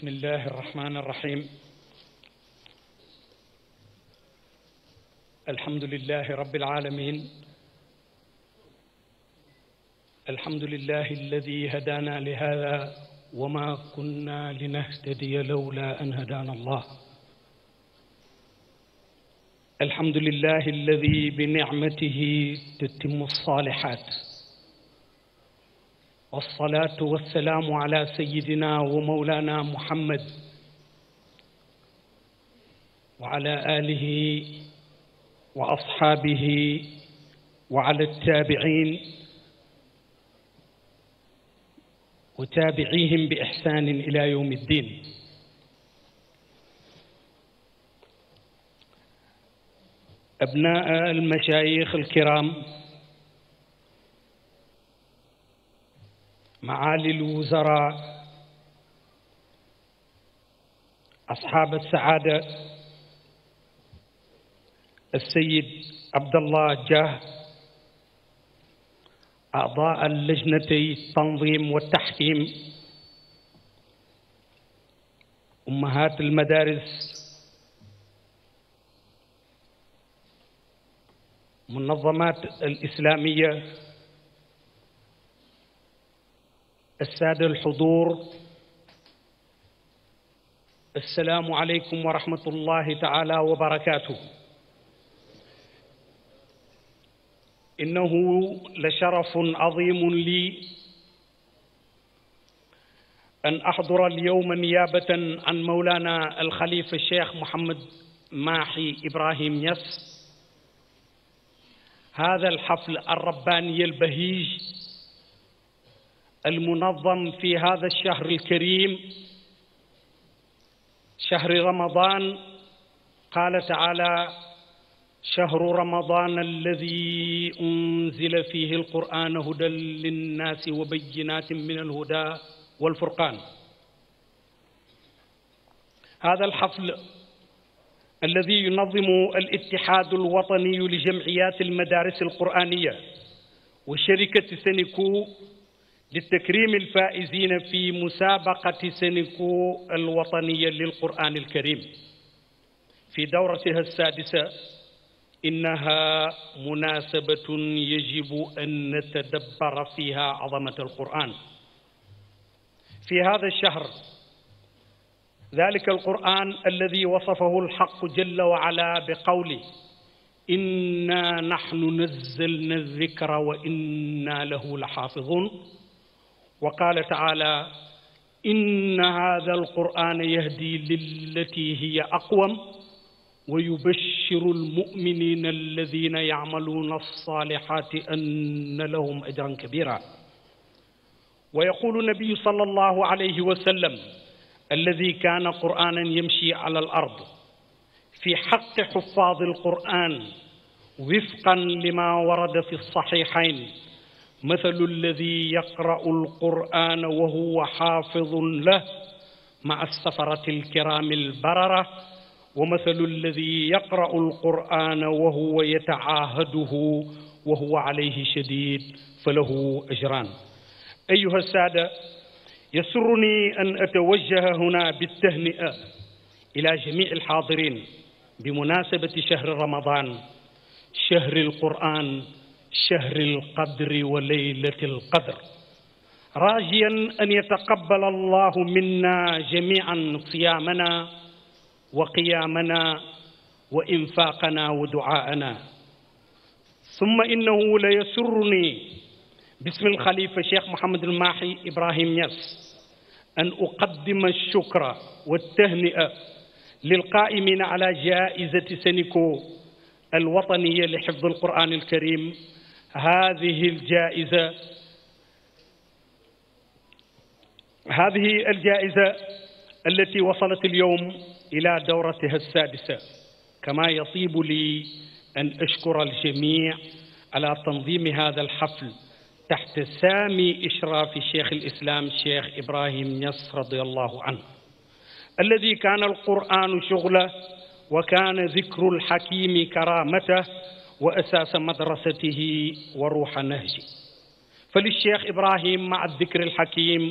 بسم الله الرحمن الرحيم الحمد لله رب العالمين الحمد لله الذي هدانا لهذا وما كنا لنهتدي لولا أن هدانا الله الحمد لله الذي بنعمته تتم الصالحات والصلاة والسلام على سيدنا ومولانا محمد وعلى آله وأصحابه وعلى التابعين وتابعيهم بإحسان إلى يوم الدين أبناء المشايخ الكرام معالي الوزراء أصحاب السعادة السيد عبد الله جاه أعضاء اللجنتي التنظيم والتحكيم أمهات المدارس منظمات الإسلامية السادة الحضور السلام عليكم ورحمة الله تعالى وبركاته إنه لشرف عظيم لي أن أحضر اليوم نيابة عن مولانا الخليفة الشيخ محمد ماحي إبراهيم يس هذا الحفل الرباني البهيج المنظم في هذا الشهر الكريم شهر رمضان قال تعالى شهر رمضان الذي أنزل فيه القرآن هدى للناس وبينات من الهدى والفرقان هذا الحفل الذي ينظم الاتحاد الوطني لجمعيات المدارس القرآنية وشركة سنكو لتكريم الفائزين في مسابقة سنكو الوطنية للقرآن الكريم في دورتها السادسة إنها مناسبة يجب أن نتدبر فيها عظمة القرآن في هذا الشهر ذلك القرآن الذي وصفه الحق جل وعلا بقوله إنا نحن نزلنا الذكر وإنا له لحافظون wa qaala taala inna haada alqur'ana yahdi lillati hiya aqwam wa yubashiru almuminina alladina yacmaluuna alsalihati anna lahum ajran kabira wa yaqulu nabiyu sal allahu alayhi wa sallam alladi kaana qur'anan yamshi ala al ard fi xaqi xufaadi alqur'an wifqan lima warada fi alsaxihayn مثل الذي يقرأ القرآن وهو حافظ له مع السفرة الكرام البررة ومثل الذي يقرأ القرآن وهو يتعاهده وهو عليه شديد فله أجران أيها السادة يسرني أن أتوجه هنا بالتهنئة إلى جميع الحاضرين بمناسبة شهر رمضان شهر القرآن shahril qadri wa laylatil qadr raajiyan an yataqabbal allahu minna jamian siyaamana wa qiyaamana wa infaaqana wa duaana summa innahu la yasurruni bismil xalifa cheikh Mouhamadul Mahi Ibrahim Niass an uqaddima shukra wa tahni'a lil qaa'imina ala jaa'izati Senico al wataniya li xifdi al qur'aan al kariim هذه الجائزة هذه الجائزة التي وصلت اليوم إلى دورتها السادسة كما يطيب لي أن أشكر الجميع على تنظيم هذا الحفل تحت سامي إشراف شيخ الإسلام شيخ إبراهيم يس رضي الله عنه الذي كان القرآن شغله وكان ذكر الحكيم كرامته wa asaasa madrasatihi wa ruuxa nahji fa li cheikh ibrahim maa dikri alxakim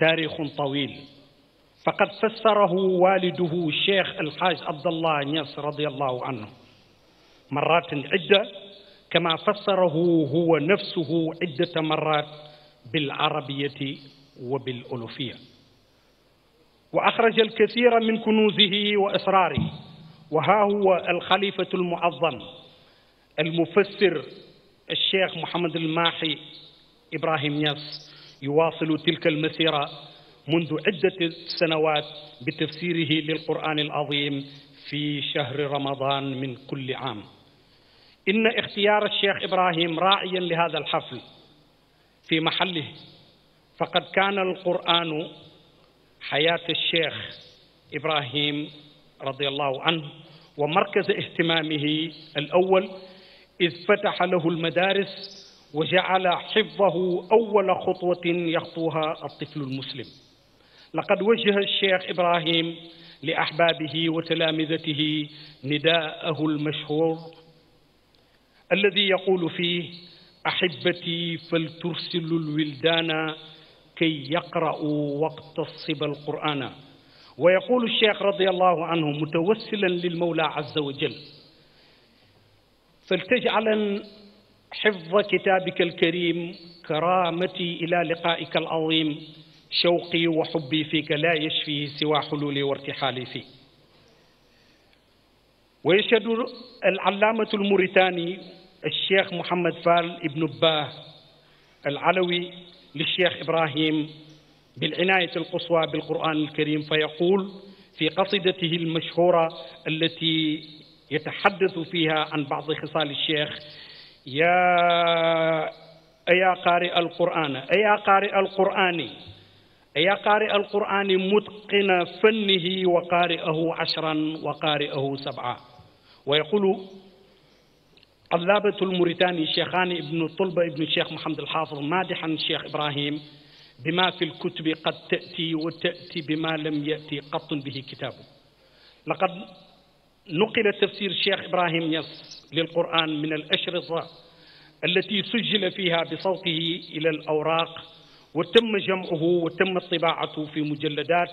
taarixun tawil faqad fassarahu waliduhu cheikh alxaaj abdallah Niass radiallahu anhu maratin idda kama fassarahu huwa nafsuhu iddata marat bilarabiyati wa bilulufiya wa axraja alkathira min kunuuzihi wa asraarihi wa haa huwa alxalifatu almuazam المفسر الشيخ محمد الماحي إبراهيم نياس يواصل تلك المسيرة منذ عدة سنوات بتفسيره للقرآن العظيم في شهر رمضان من كل عام إن اختيار الشيخ إبراهيم راعيا لهذا الحفل في محله فقد كان القرآن حياة الشيخ إبراهيم رضي الله عنه ومركز اهتمامه الأول إذ فتح له المدارس وجعل حفظه أول خطوة يخطوها الطفل المسلم لقد وجه الشيخ إبراهيم لأحبابه وتلامذته نداءه المشهور الذي يقول فيه أحبتي فلترسلوا الولدان كي يقرأوا واقتصب القرآن ويقول الشيخ رضي الله عنه متوسلا للمولى عز وجل فلتجعل حفظ كتابك الكريم كرامتي إلى لقائك العظيم شوقي وحبي فيك لا يشفي سوى حلولي وارتحالي فيه ويشهد العلامة الموريتاني الشيخ محمد فال ابن باه العلوي للشيخ إبراهيم بالعناية القصوى بالقرآن الكريم فيقول في قصيدته المشهورة التي يتحدث فيها عن بعض خصال الشيخ يا أيا قارئ القرآن أيا قارئ القرآن أيا قارئ القرآن متقن فنه وقارئه عشرا وقارئه سبعا ويقول اللابة الموريتاني الشيخان ابن الطلبة ابن الشيخ محمد الحافظ مادحا الشيخ إبراهيم بما في الكتب قد تأتي وتأتي بما لم يأتي قط به كتابه لقد نقل تفسير الشيخ إبراهيم يس للقرآن من الأشرطة التي سجل فيها بصوته إلى الأوراق وتم جمعه وتم طباعته في مجلدات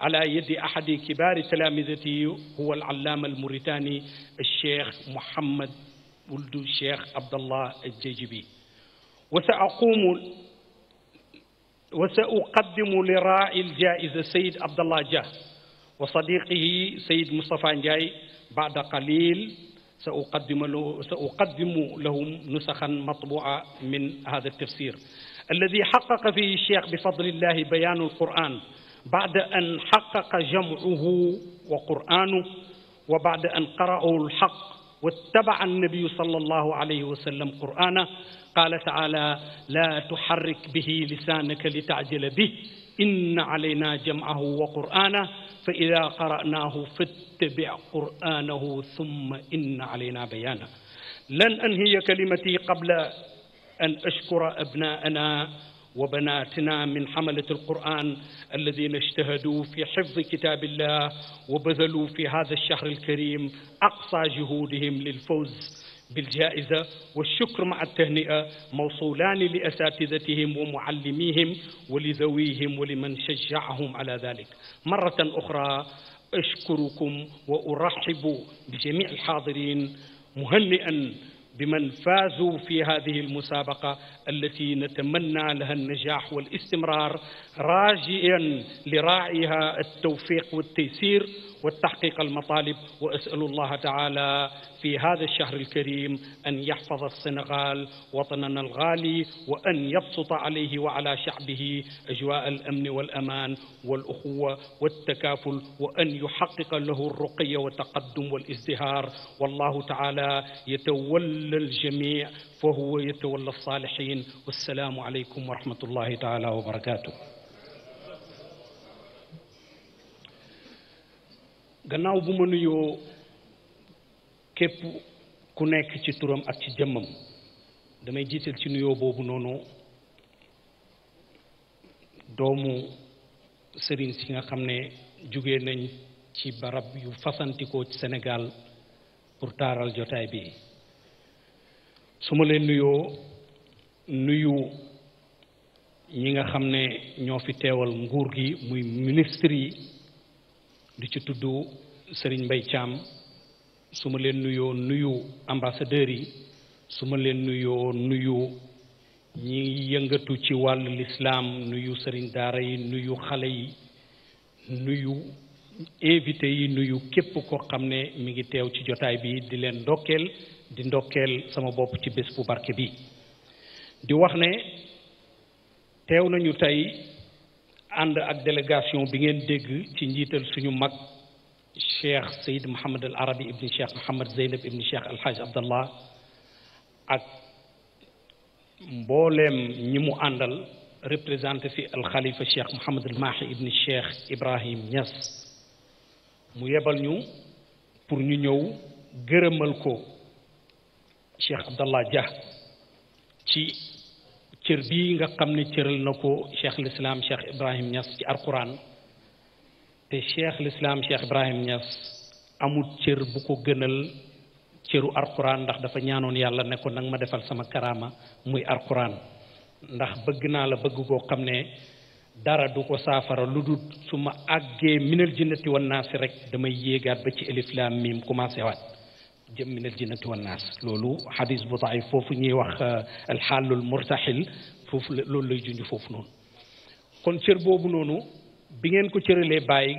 على يد أحد كبار تلامذته هو العلامة الموريتاني الشيخ محمد ولد الشيخ عبد الله الجيجبي وسأقوم وسأقدم لراعي الجائزة سيد عبد الله جاه wa sadiqihi sayid Moustapha Ndiaye baada qalil sa uqaddimu lahu sa uqaddimu lahum nusaxan matbua min hada tafsir alladi xaqaqa fihi cheikh bi fadlillahi bayaanu alquran baada an xaqaqa jamcuhu wa qur'aanuhu wa baada an qara'ahu alxaq wattabaca annabiyu sallallahu alayhi wa sallam qur'aanahu qaala tacaala laa tuxarrik bihi lisaanaka litacjala bihi inna alayna jam'ahu wa qur'aanahu fa idaa qara'naahu fattabi' qur'aanahu thumma inna alayna bayaanahu lan anhiya kalimatii qabla an ashkura abnaa'anaa وبناتنا من حملة القرآن الذين اجتهدوا في حفظ كتاب الله وبذلوا في هذا الشهر الكريم أقصى جهودهم للفوز بالجائزة والشكر مع التهنئة موصولان لأساتذتهم ومعلميهم ولذويهم ولمن شجعهم على ذلك مرة أخرى أشكركم وأرحب بجميع الحاضرين مهنئا بمن فازوا في هذه المسابقة التي نتمنى لها النجاح والاستمرار راجيا لراعيها التوفيق والتيسير وتحقيق المطالب وأسأل الله تعالى في هذا الشهر الكريم أن يحفظ السنغال وطننا الغالي وأن يبسط عليه وعلى شعبه أجواء الأمن والأمان والأخوة والتكافل وأن يحقق له الرقي والتقدم والازدهار والله تعالى يتولى الجميع فهو يتولى الصالحين والسلام عليكم ورحمة الله تعالى وبركاته gannaaw bu ma nuyoo képp ku nekk ci turam ak ci jëmmam damay jiital ci nuyoo boobu noonu doomu sëriñ si nga xam ne jóge nañ ci barab yu fasantikoo ci Sénégal pour taaral jotaay bi su ma leen nuyoo nuyu ñi nga xam ne ñoo fi teewal nguur gi muy ministre yi di ci tudd sëriñ Mbaye Thiam su ma leen nuyoo nuyu ambassadeurs yi su ma leen nuyoo nuyu ñi yëngatu ci wàll lislaam nuyu sëriñ daara yi nuyu xale yi nuyu invité yi nuyu képp ko xam ne mi ngi teew ci jotaay bi di leen ndokkeel di ndokkeel sama bopp ci bés bu barke bi di wax ne teew nañu tey ànd ak délégation bi ngeen dégg ci njiital suñu mag cheikh sayid mohamad al arabi ibni cheikh mohamad zeynab ibni cheikh alhaj abdallah ak mbooleem ñi mu àndal représenté fi alxalifa cheikh mohamad al maahi ibni cheikh ibrahim Niass mu yebal ñu pour ñu ñëw gërëmal ko cheikh abdallah Dia ci cër bii nga xam ne cëral na ko cheikh lislaam cheikh Ibrahim Niass ci alquran te cheikh lislaam cheikh Ibrahim Niass amul cër bu ko gënal cëru alquran ndax dafa ñaanoon yàlla nekkoon ko ma defal sama karaama muy alquran ndax bëgg naa la bëgg koo xam ne dara du ko saafara lu dul su ma àggee minal jinnati wan naasi rek damay yéegaat ba ci alif laam miim commencé waat jëm min na jinnati wan naas loolu xadis bu daif foofu ñuy wax euh, alxaalul murtaxil foofu loolu lay junj foofu noonu kon cër boobu noonu bi ngeen ko cëralee bàyyi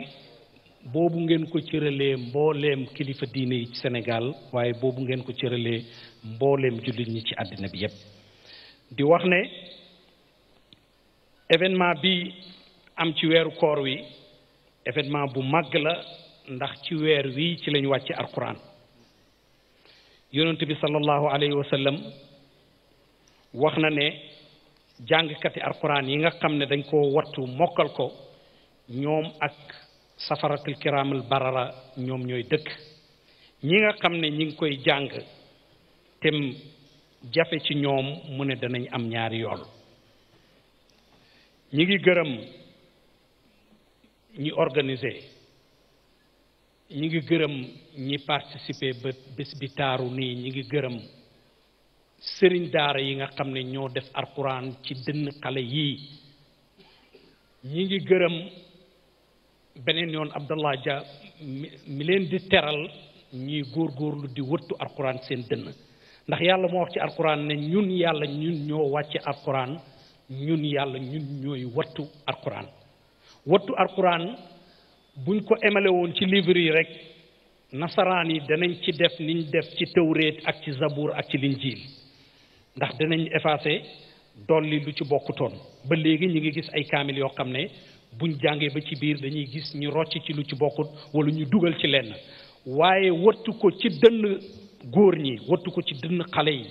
boobu ngeen ko cëralee mbooleem kilifa diine yi ci Sénégal waaye boobu ngeen ko cëralee mbooleem jullit ñi ci àddina bi yépp di wax ne événement bi am ci weeru koor wi événement bu màgg la ndax ci weer wi ci lañu wàcce alquran yonent bi sallallahu alayhi wa sallam wax na ne jàngkati alquran yi nga xam ne dañ koo wattu mokkal ko ñoom ak safaratul kiramul barara ñoom ñooy dëkk ñi nga xam ne ñi ngi koy jàng tem jafe ci ñoom mu ne danañ am ñaari yoon ñi ngi gërëm ñi organiser ñi ngi gërëm ñi participer ba bés bi taaru nii ñi ngi gërëm sëriñ daara yi nga xam ne ñoo def alquran ci dënn xale yii ñi ngi gërëm beneen yoon Abdallah Dia mi leen di teral ñiy góor góorgóorlu di wëttu alquran seen dënn ndax yàlla moo wax ci alquran ne ñun yàlla ñun ñoo wàcce alquran ñun yàlla ñun ñooy wattu alquran buñ ko émale woon ci livre yi rek nasaraan yi danañ ci def niñ def ci tawréet ak ci zabuur ak ci linjiil ndax danañ effacé dolli lu ci bokkutoon ba léegi ñu ngi gis ay kaamil yoo xam ne buñ jàngee ba ci biir dañuy gis ñu rocc ci lu ci bokkut wala ñu dugal ci lenn waaye wattu ko ci dënn góor ñi wattu ko ci dënn xale yi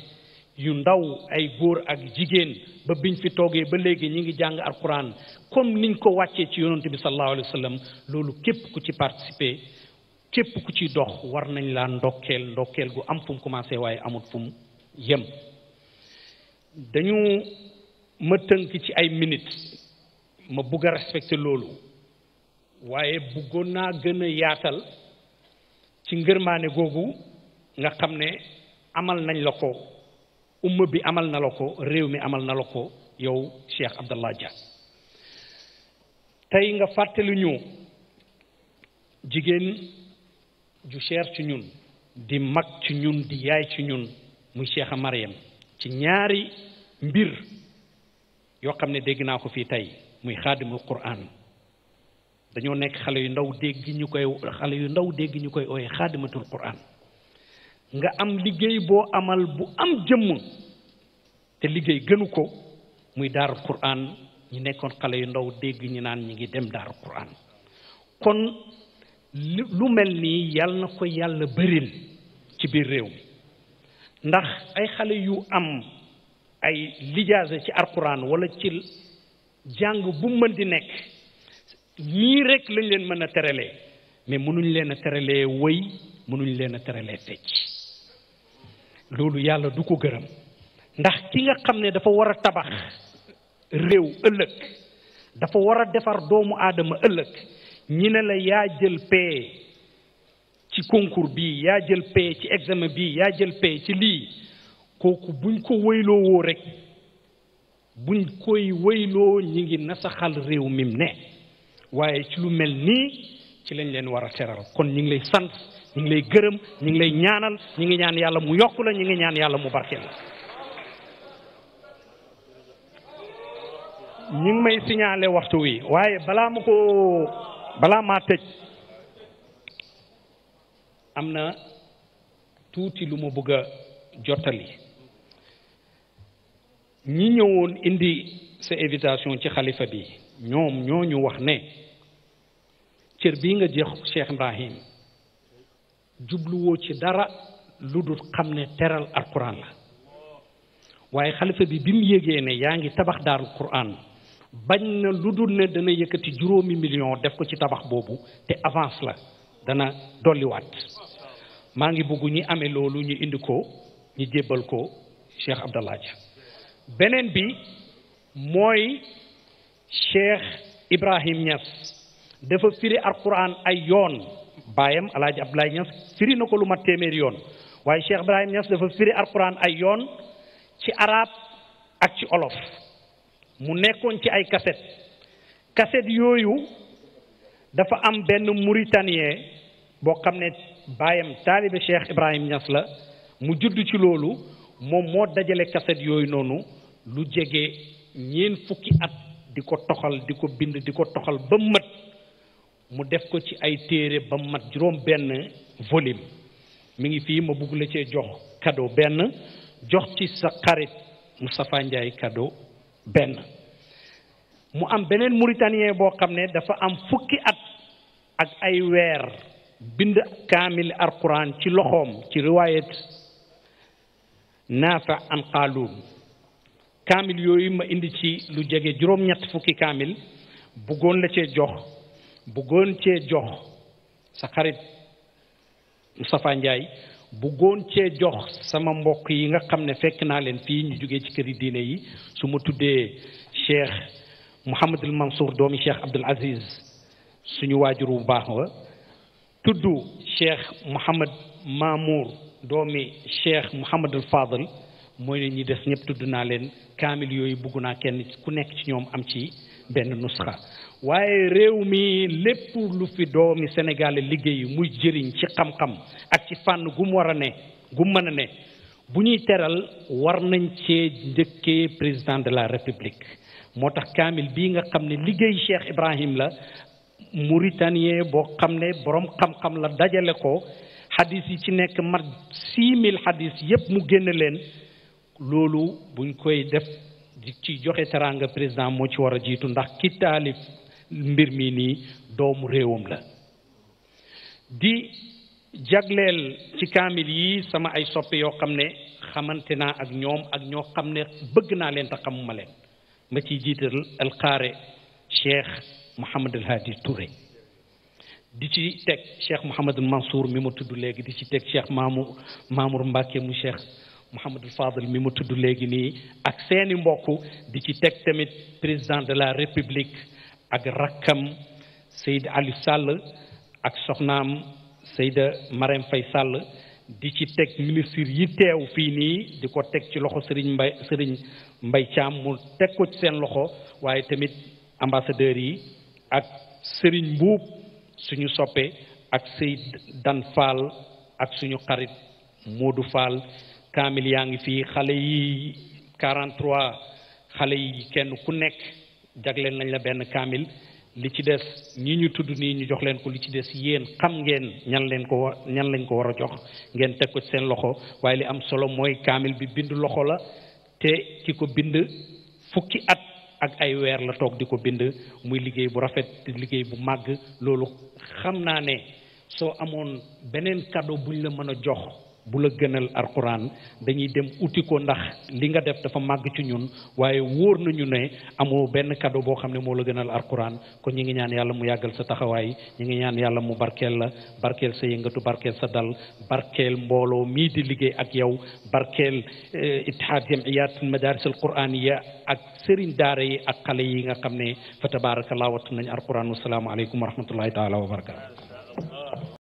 yu ndaw ay góor ak jigéen ba biñ fi toogee ba léegi ñu ngi jàng alquran comme niñ ko wàccee ci yonante bi sallallahu alayhi wa loolu képp ku ci participer képp ku ci dox war nañ laa ndokkeel ndokkeel gu am fum mu waaye amut fu mu yem dañu ma tënk ci ay minit ma bugg a loolu waaye buggoon naa gën a yaatal ci ngërmaane googu nga xam ne amal nañ la ko umma bi amal na la ko réew mi amal na la ko yow Cheikh Abdallah Dia tey nga fàttali ñu jigéen ju cher ci ñun di mag ci ñun di yaay ci ñun muy Cheikh a Mariam ci ñaari mbir yoo xam ne dégg naa ko fii tey muy xaadimul Qur'an dañoo nekk xale yu ndaw dégg ñu koy xale yu ndaw dégg ñu koy ooye xaadimatul Qur'an nga am liggéey boo amal bu am jëmm te liggéey gënu ko muy daaru Qur'an ñi nekkoon xale yu ndaw dégg ñi naan ñi ngi dem daaru Qur'an kon lu mel nii yàlla na ko yàlla bëril ci biir réew mi ndax ay xale yu am ay lijaasa ci alquran wala ci jàng bu mën di nekk nii rekk lañ leen mën a teralee mais mënuñ leen a teralee wëy mënuñ leen a teralee fecc loolu yàlla du ko gërëm ndax ki nga xam ne dafa war a tabax réew ëllëg dafa war a defar doomu aadama ëllëg ñi ne la yaa jël pay ci concours bi yaa jël pay ci examen bi yaa jël pay ci lii kooku buñ ko wëyloo woo rek buñ koy wëyloo ñu ngi nasaxal réew mim ne waaye ci lu mel nii ci lañ leen war a teral kon ñi ngi lay sant ñu ngi lay gërëm ñu ngi lay ñaanal ñu ngi ñaan yàlla mu yokk la ñu ngi ñaan yàlla mu barkeel la ñu ngi may signalé waxtu wi waaye balaa ma ko balaa maa tëj am na tuuti lu ma bëgg a jottali ñi ñëwoon indi sa invitation ci xalifa bi ñoom ñoo ñu wax ne cër bii nga jox Cheikh Ibrahim jubluwoo ci dara lu dul xam ne teral alquran la waaye xalifa bi bi mu yégee ne yaa ngi tabax daaru quran bañ na lu dul ne dana yëkkati juróomi million def ko ci tabax boobu te avance la dana dolliwaat maa ngi bëgg ñi amee loolu ñu indi ko ñu jébbal ko Cheikh Abdallah Dia beneen bi mooy Cheikh Ibrahim Niass dafa firi alquran ay yoon baayam alaaji Abdoulaye Niass firi na ko lu mat téeméeri yoon waaye Cheikh Ibrahim Niass dafa firi alquran ay yoon ci arab ak ci olof mu nekkoon ci ay kaset kaset yooyu dafa am benn mauritanien boo xam ne baayam taalibe Cheikh Ibrahim ñas la mu judd ci loolu moom moo dajale kaset yooyu noonu lu jege ñeen fukki at di ko toxal di ko bind di ko toxal ba mat mu def ko ci ay téere ba mat juróom benn volume mi ngi fii ma bugg la cee jox cadeau benn jox ci sa xarit Moustapha Ndiaye cadeau benn mu am beneen mauritanien boo xam ne dafa am fukki at ak ay weer bind kaamil alquran ci loxoom ci riwayat naafa an qaaluun kaamil yooyu ma indi ci lu jege juróom-ñett fukki kaamil buggoon la cee jox bëggoon cee jox sa xarit Moustapha Ndiaye bëggoon cee jox sama mbokk yi nga xam ne fekk naa leen fii ñu jógee ci këri diine yi su ma tuddee Cheikh Mouhamadul Mansour doomi Cheikh Abdoul Aziz suñu waajur bu baax wa tudd Cheikh Mouhamad Mamour doomi Cheikh Mouhamadul Fadal mooy ne ñi des ñëpp tudd naa leen kaamil yooyu bugg naa kenn ku nekk ci ñoom am ci benn nusxa waaye réew mi lépp lu fi doomi Sénégal liggéey muy jëriñ ci xam-xam ak ci fànn gu mu war ne gu mën a ne bu ñuy teral war nañ cee njëkkee président de la république moo tax kaamil bii nga xam ne liggéey Cheikh Ibrahim la mauritanien boo xam ne boroom xam-xam la dajale ko xadis yi ci nekk mat six mille xadis yépp mu génn leen loolu buñ koy def ci joxe teranga président moo ci war a jiitu ndax ki taalif mbir mi nii doomu réewam la di jagleel ci kaamil yi sama ay soppe yoo xam ne xamante naa ak ñoom ak ñoo xam ne bëgg naa leen te xamuma leen ma ciy jiital alxaare cheikh Mouhamad El Hadi di ci teg cheikh Mouhamad Mansour mi ma tudd léegi di ci teg cheikh Mamour Mamour Mbacke mu cheikh Mouhamadou Fadel mi mu tudd léegi nii ak seeni mbokk di ci teg tamit président de la république ak rakkam Seyd Aliou sàll ak soxnaam Seyda Marème Faye Sall di ci teg ministre yi teew fii nii di ko teg ci loxo Serigne Mbay Serigne Mbay Thiam mu teg ko ci seen loxo waaye tamit ambassadeurs yi ak Serigne Mbuub suñu soppee ak Seyd Dan Fall ak suñu xarit Modou Fall kaamil yaa ngi fii xale yi 43 xale yi kenn ku nekk jagleen nañ la benn kaamil li ci des ñi ñu tudd nii ñu jox leen ko li ci des yéen xam ngeen ñan leen ko wa ñan lañ ko war a jox ngeen teg ko seen loxo waaye li am solo mooy kaamil bi bind loxo la te ki ko bind fukki at ak ay weer la toog di ko bind muy liggéey bu rafet liggéey bu màgg loolu xam naa ne soo amoon beneen cadeau buñ la mën a jox bu la gënal alxuraan dañuy dem uti ko ndax li nga def dafa màgg ci ñun waaye wóor nañu ne amoo benn cadeau boo xam ne moo la gënal alxuraan kon ñi ngi ñaan yàlla mu yàggal sa taxawaay ñi ngi ñaan yàlla mu barkeel la barkeel sa yëngatu barkeel sa dal barkeel mbooloo mii di liggéey ak yow barkeel eh, ittihaad jamiyat madaris alquraaniya ak sëriñ daara yi ak xale yi nga xam ne fa tabaarakallah wattu nañ alxuraan wasalaamu aleykum wa rahmatullahi taala wa barakatu